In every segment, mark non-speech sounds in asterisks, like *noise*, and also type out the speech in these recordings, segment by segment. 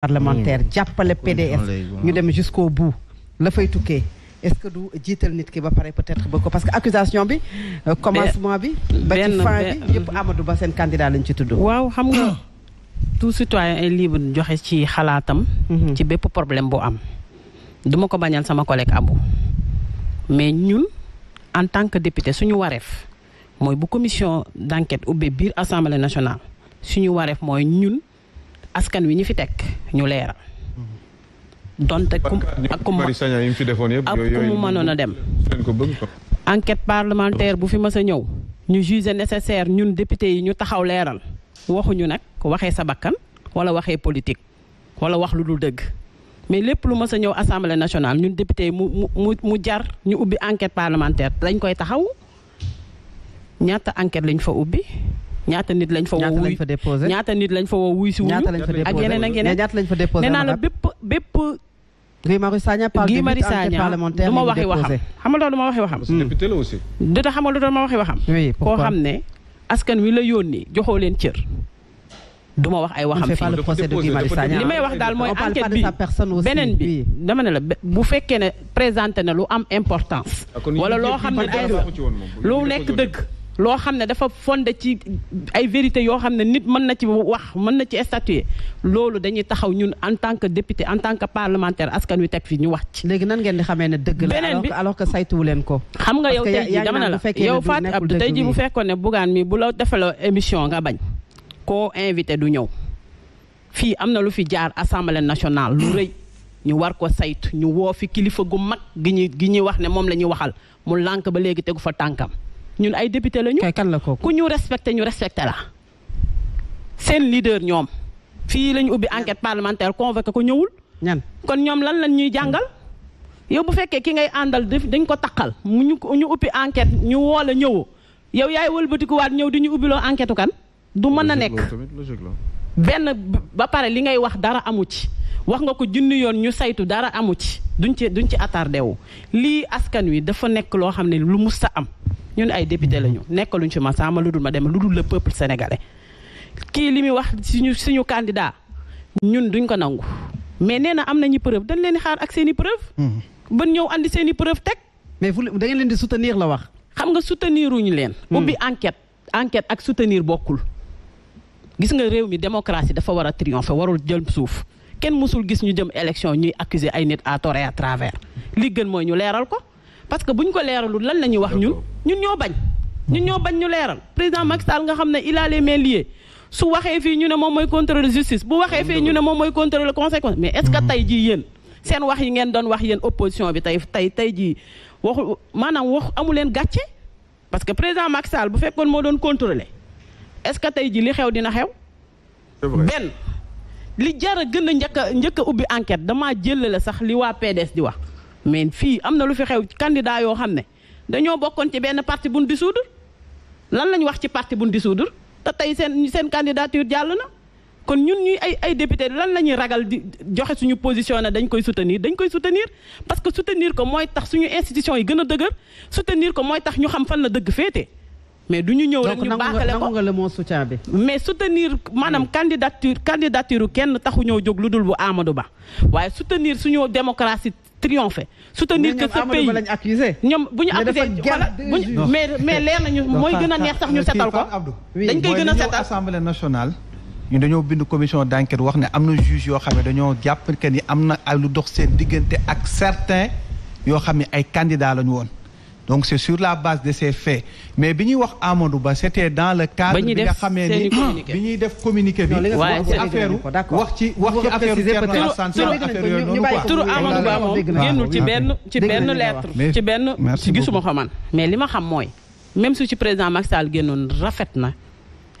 parlementaire mmh. jàppale PDF ñu dem jusqu'au bu la fay tukkee est-ce que du jiital nit ki ba pare peut-être ba ko parce que accusation bi euh, commencement bi ba ci fin bi yëpp Amadou Ba seen candidat lañ ci tudd waaw xam nga *coughs* tout citoyen est joxe ci xalaatam mmh. ci bépp problème bu am duma ko bañal sama collègue Abou mais ñun en tant que député suñu wareef mooy bu commission d'enquête ubbee biir assemblée nationale suñu wareef mooy ñun askan wi ñu fi teg ñu leeral. donte ku ak ku mu mënoon a dem. enquête parlementaire bu fi mës a ñëw. ñu juge nécessaire ñun député yi ñu taxaw leeral. waxuñu nag waxee sa bakkan wala waxee politique wala wax lu dul dëgg mais lépp lu mës a ñëw assemblée nationale ñun député yi mu mu mu jar ñu ubbi enquête parlementaire dañ koy taxaw ñaata enquête lañ fa ubbi. ñaata nit lañ fo woo wuy ñaata nit lañ fa woo wuy si wuñu ak yeneen ak yeneen ñaata lañ fa déposé nee naa la bépp bépp Guy Marius Sagna parle Guy Marius Sagna du waxi waxam xam nga loolu du ma waxi waxam député la aussi mm. data xam nga lu doon ma waxi waxam koo xam ne askan wi la yónni joxoo leen cër du ma wax ay waxam fii daal mooy enquête bi beneen bi ne la bu fekkee ne présenté na lu am importance ah, wala loo xam ne ay lu lekk dëgg loo xam ne dafa fondé ci ay vérité yoo xam ne nit mën na ci wax mën na ci statuer loolu dañuy taxaw ñun en tant que député en tant que parlementaire askan wi teg fi ñu wax ci. léegi nan ngeen di xamee ne dëgg la. beneen bi alors que saytuwu leen ko. xam nga yow tey jii dama ne la yow Fatou Abdou tey jii bu fekkoon ne Bougane mi bu la defaloo émission nga bañ koo invité du ñëw fii am na lu fi jaar assemblée nationale lu rëy. ñu war ko saytu ñu woo fi kilifa gu mag gi ñuy gi ñuy wax ne moom la ñuy waxal mu lànk ba léegi tegu fa tànkam ñun ay député lañu. kay kan la kooku ku ñu respecté ñu respecté la. seen leader ñoom fii lañu ubbi enquête parlementaire convoqué ko ñëwul. ñan kon ñoom lan lañ ñuy jàngal. yow bu fekkee ki ngay àndal def dañ ko taqal mu ñu ñu ubbi enquête ñu woola la ñëwoo yow yaay wëlbatikuwaat ñëw di ñu ubbiloo enquête kan. du mën a nekk benn ba pare li ngay wax dara amu ci wax nga ko junni yoon ñu saytu dara amu ci duñ ci duñ ci attardé wu lii askan wi dafa nekk loo xam ne lu mus a am ñun ay député lañu nekk luñ ci ma sama lu dul ma dem lu dul le peuple sénégalais kii li muy wax suñu suñu candidat ñun duñ ko nangu mais nee na am nañu preuve dañ leen xaar ak seen i preuve mm-hmm. ban ñëw andi seen i preuve teg mais fu da leen di soutenir la wax xam nga soutenir uñu leen mm-hmm. ubbi enquête enquête ak soutenir bokkul gis nga réew mi démocratie dafa war a triompher warul jël suuf kenn mësul gis ñu jëm élection ñuy accuser ay nit à tort et à travers li gën mooy ñu leeral ko parce que bu ñu ko leeralu lan la ñuy wax ñun ñun ñoo bañ ñun ñoo bañ ñu leeral président Macky Sall nga xam ne il a les mains liées su waxee fii ñu ne moom mooy contrôle justice bu waxee fii ñu ne moom mooy contrôle conséquence mais est-ce que mm-hmm. tey jii yéen seen wax yi ngeen doon wax yéen opposition bi tey tey tey jii waxu maanaam wax amu leen gàcce parce que président Macky Sall bu moo doon contrôler est-ce que tey ji li xew dina xew benn li jar a gën a njëkk a njëkk a ubbi enquête damaa jëlale sax li waa PDS di wax mais fii am na lu fi xew candidat yoo xam ne dañoo bokkoon ci benn parti buñ dissoudre lan lañ wax ci parti buñ dissoudre te tey seen seen candidature jàll na kon ñun ñuy ay ay député lan la ñuy ragal di joxe suñu position ne dañ koy soutenir dañ koy soutenir parce que soutenir ko mooy tax suñu institution yi gën a dëgër soutenir ko mooy tax ñu xam fan la dëgg féete mais du ñu ñëw rek ñu baaxale ko bi mais soutenir maanaam candidature candidature kenn taxu ñëw jóg lu dul bu Amadou Ba waaye soutenir suñu démocratie triompher soutenir que ce pays ñoom bu ñu accusé mais mais *laughs* leer nañu mooy gën a neex sax ñu setal ko dañ koy gën a setal assemblée nationale ñu dañoo bind commission d'enquête wax ne am na juge yoo xam ne dañoo jàpp que ni am na lu dox seen diggante ak certains yoo xam ne ay candidats lañu woon donc c' est sur la base de mais bi ñuy wax Amadou Ba c' était dans le cadre bi ñuy def communiqué bi wax ci affaire ci wax ci affaire Thierno Alassane Sall affaire yooyu noonu quoi turu Amadou Ba moom génnul ci ah, benn ci benn lettre ci benn gisuma ko man mais li ma xam mooy même su ci président Macky Sall génnoon rafet na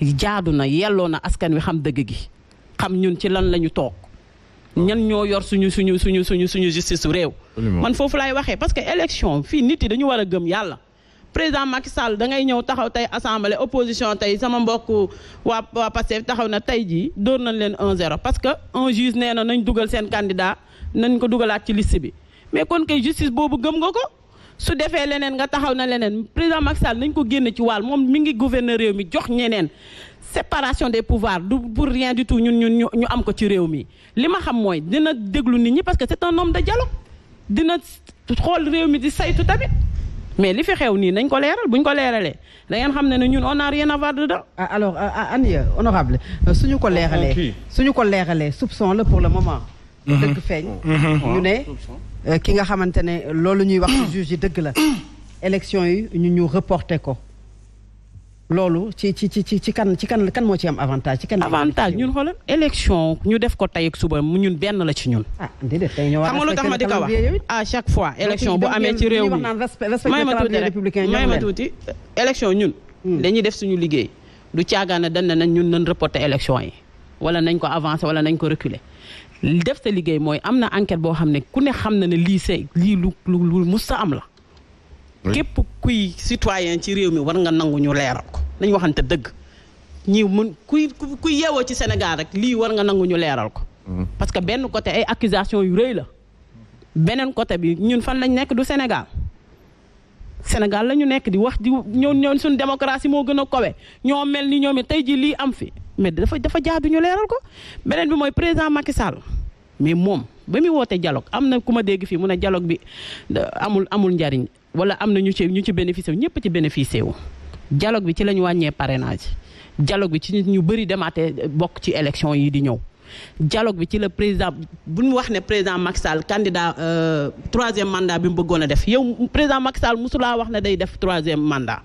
jaadu na yelloo na askan wi xam dëgg gi xam ñun ci lan la ñu toog ñan ñoo yor suñu suñu suñu suñu suñu justice su réew. man foofu laay waxee parce que élection fii nit yi dañu war a gëm yàlla. président Macky Sall da ngay ñëw taxaw tey assemblée opposition tey sama mbokk waa waa Pastef taxaw na tey jii dóor nañ leen 1-0 parce que un juge nee na nañ dugal seen candidat nañ ko dugalaat ci liste bi. mais kon kay justice boobu gëm nga ko su defee leneen nga taxaw na leneen président Macky Sall nañ ko génne ci wàll moom mi ngi gouverneur réew mi jox ñeneen séparation des pouvoirs du pour rien du tout ñun ñu am ko ci réew mi li ma xam mooy dina déglu nit ñi parce que c'est un homme de dialogue dina xool réew mi di saytu tamit mais li fi xew nii nañ ko leeral buñ ko leeralee da ngeen xam ne ne ñun on a rien à voir dedans. Ah, alors ah, ah, Ania honorable euh, suñu ko leeralee suñu ko leeralee soupçon la pour le moment. Mm-hmm. dëgg feeñ. Mm-hmm. ñu ne euh, ki nga xamante ne loolu ñuy wax juge yi dëgg la. *coughs* élection yi ñu ñu reporté ko. loolu ci ci ci ci kan ci kan kan moo ci am avantage. ci kan avantage ñun xoolal élection ñu def ko tey ak suba ñun benn la ci ñun. ah déedéet tey ñëwaat xam nga lu tax ma di ko wax à chaque fois. élection bu amee ci réew mi may ma tuuti rek may élection ñun. Hmm. dañuy def suñu liggéey du caagaana dan nañ ñun nañ reporter élection yi wala nañ ko avancé wala nañ ko reculer. def sa liggéey mooy am na enquête boo xam ne ku ne xam na ne lii see lii lu lu lu mus am la. képp kuy citoyen ci réew mi war nga nangu ñu leeral nañ waxante dëgg ñi mun kuy kuy yeewoo ci Sénégal rek lii war nga nangu ñu leeral ko. Mm-hmm. parce que benn côté ay accusation yu rëy la. beneen côté bi ñun fan lañ nekk du Sénégal Sénégal la ñu nekk di wax di ñoom ñoom suñu démocratie moo gën a kowe ñoo mel ni ñoom it tey jii lii am fi mais dafa dafa jaadu ñu leeral ko beneen bi mooy président Macky mais moom ba muy woote dialogue am na ku ma dégg fii mun a jaloog bi amul amul njariñ wala am na ñu ci ñu ci bénéficié wu ñëpp ci bénéficié wu. dialogue bi ci la ñu wàññee parrainage dialogue bi ci nit ñu bëri demaate bokk ci élection yi di ñëw dialogue bi ci la président bu ñu wax ne président Macky Sall candidat euh, troisième mandat bi mu bëggoon a def yow président Macky Sall mosulaa wax ne day def troisième mandat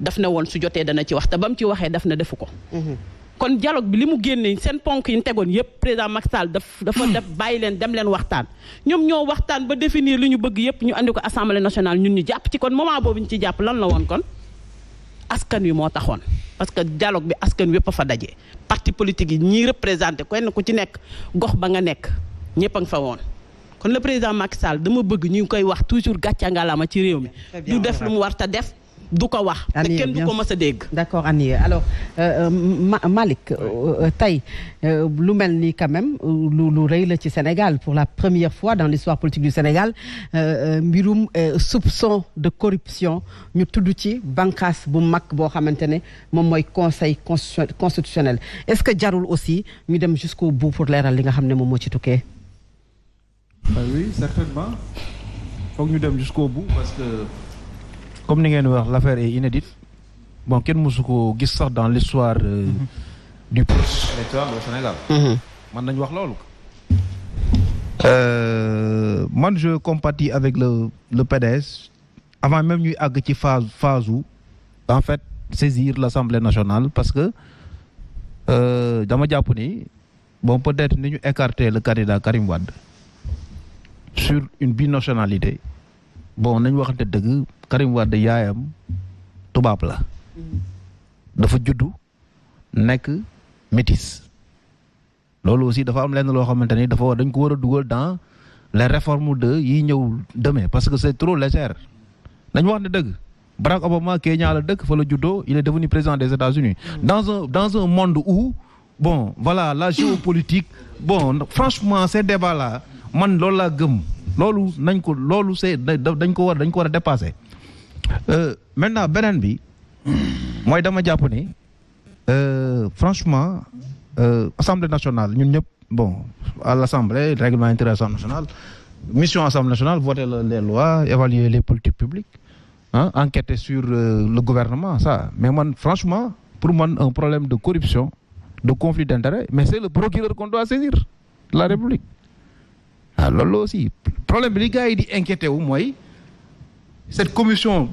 daf na woon su jotee dana ci wax te ba mu ci waxee daf na defu ko. Mhm. kon dialogue bi li mu génne seen ponk yi ñu tegoon yëpp président Macky Sall daf dafa def *coughs* bàyyi leen dem leen waxtaan ñoom ñoo waxtaan ba définir li ñu bëgg yëpp ñu andi ko assemblée nationale jàpp lan la woon kon. askan wi moo taxoon parce que dialogue bi askan wépp a fa daje parti politique yi ñiy représenté kenn ku ci nekk gox ba nga nekk ñëpp a fa woon kon le président Macky Sall dama bëgg ñu ngi koy wax toujours gàcce ngalaama ci réew mi du def lu mu war ta def du ko wax. te kenn du ko mës dégg. d' accord Annie alors euh, euh, Ma Malick euh, euh tey euh, lu mel ni quand même lu lu la ci Sénégal pour la première fois dans l'histoire politique du Sénégal mbirum soupçon de corruption ñu tudd ci bànqaas bu mag boo xamante ne moom mooy conseil constitutionnel est ce que jarul aussi ñu dem jusqu'au bout pour leeral li nga xam ne moom moo ci tukkee. comme ni ngeen wax l'affaire est inédite bon kenn mosu ko gis sax dans l'histoire euh, mm -hmm. du processus au Sénégal man mhm. nañ wax loolu euh, man je compatis avec le le PDS avant même ñuy àgg ci phase phase en fait saisir l'Assemblée nationale parce que euh, dama jàpp ni bon peut-être ni ñu écarter le candidat Karim Wade sur une binationalité bon nañ waxante dëgg Karim Wade yaayam tubaab la dafa juddu nekk métis loolu aussi dafa am lenn loo xamante ni dafa war dañ ko war a dugal dans les réformes de yi ñëw demee parce que c'est trop léger nañ wax ne dëgg Barack Obama Kenya la dëkk fa la juddoo il est devenu président des États-Unis dans un dans monde où bon voilà la géopolitique bon franchement ces débats là man loolu laa gëm loolu nañ ko loolu c'est dañ ko war dañ ko war a dépasser euh, maintenant beneen bi mooy dama jàpp ni euh, franchement euh, assemblée nationale ñun ñëpp bon à l'assemblée règlement intérieur assemblée nationale mission assemblée nationale voter les lois évaluer les politiques publiques ah enquêter sur le gouvernement ça mais man franchement pour man un problème de corruption de conflit d'intérêt mais c'est le procureur qu'on doit saisir de la République waaw ah, loolu aussi problème bi li gars yi di inquiété wu mooy cette commission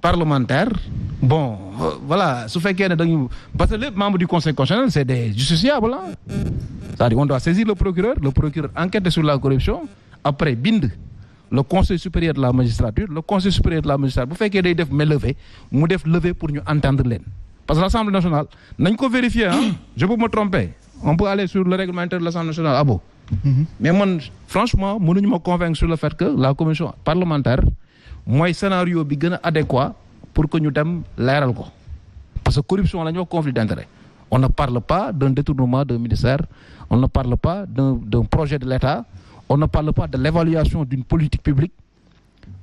parlementaire bon euh, voilà su fekkee ne dañu parce que lépp membre du conseil constitutionnel c'est des justiciables ah c'est-à-dire on doit saisir le procureur le procureur enquête sur la corruption après bind le conseil supérieur de la magistrature le conseil supérieur de la magistrature bu fekkee day def mais levé mu def levé pour ñu entendre leen parce que l'assemblée nationale nañ ko vérifier ah je peux me tromper on peut aller sur le règlement intérieur mais man franchement mënuñu ma convaincre sur le fait que la commission parlementaire mooy scénario bi gën a adéquat pour que ñu dem leeral ko parce que corruption la ñu wax conflit d'intérêt on ne parle pas d'un détournement d'un ministère on ne parle pas d'un d'un projet de l'État on ne parle pas de l'évaluation d'une politique publique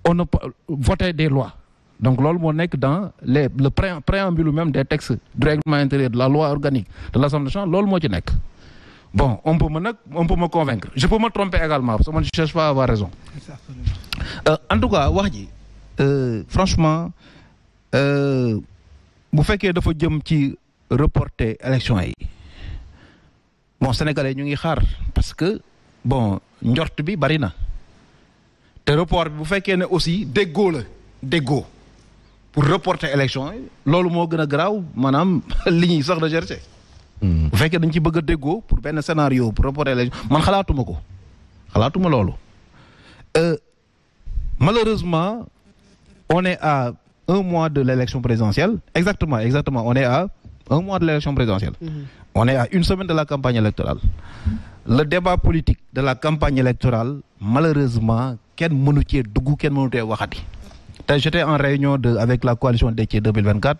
on ne voter des lois donc loolu moo nekk dans les le préambule même des textes du règlement intérieur de la loi organique de l'Assemblée nationale loolu moo ci nekk bon on peut ma nag on peut ma convaincre je peux me tromper également parce que man je cherche pas raison. Euh, en tout cas wax ji euh, franchement euh, bu fekkee dafa jëm ci reporter élection yi bon sénégalais ñu ngi xaar parce que bon njort bi bari na te report bi bu fekkee ne aussi déggoo la déggoo pour reporter élection yi loolu moo gën a garaaw maanaam *laughs* li ñuy sax recherché. fekkee dañ ci bëgg a déggoo pour benn scénario pour reporter les man xalaatuma ko xalaatuma loolu euh, malheureusement on est à un mois de l'élection présidentielle exactement exactement on est à mois de l'élection présidentielle mm-hmm. une semaine de la campagne électorale le débat politique de la campagne électorale malheureusement kenn mënu cee dugg kenn mënu cee waxati te j'étais en réunion de avec la coalition Déthié 2024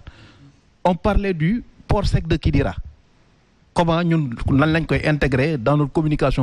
on parlait du port sec de Kidira comment ñun lan lañ koy intégrer dans notre communication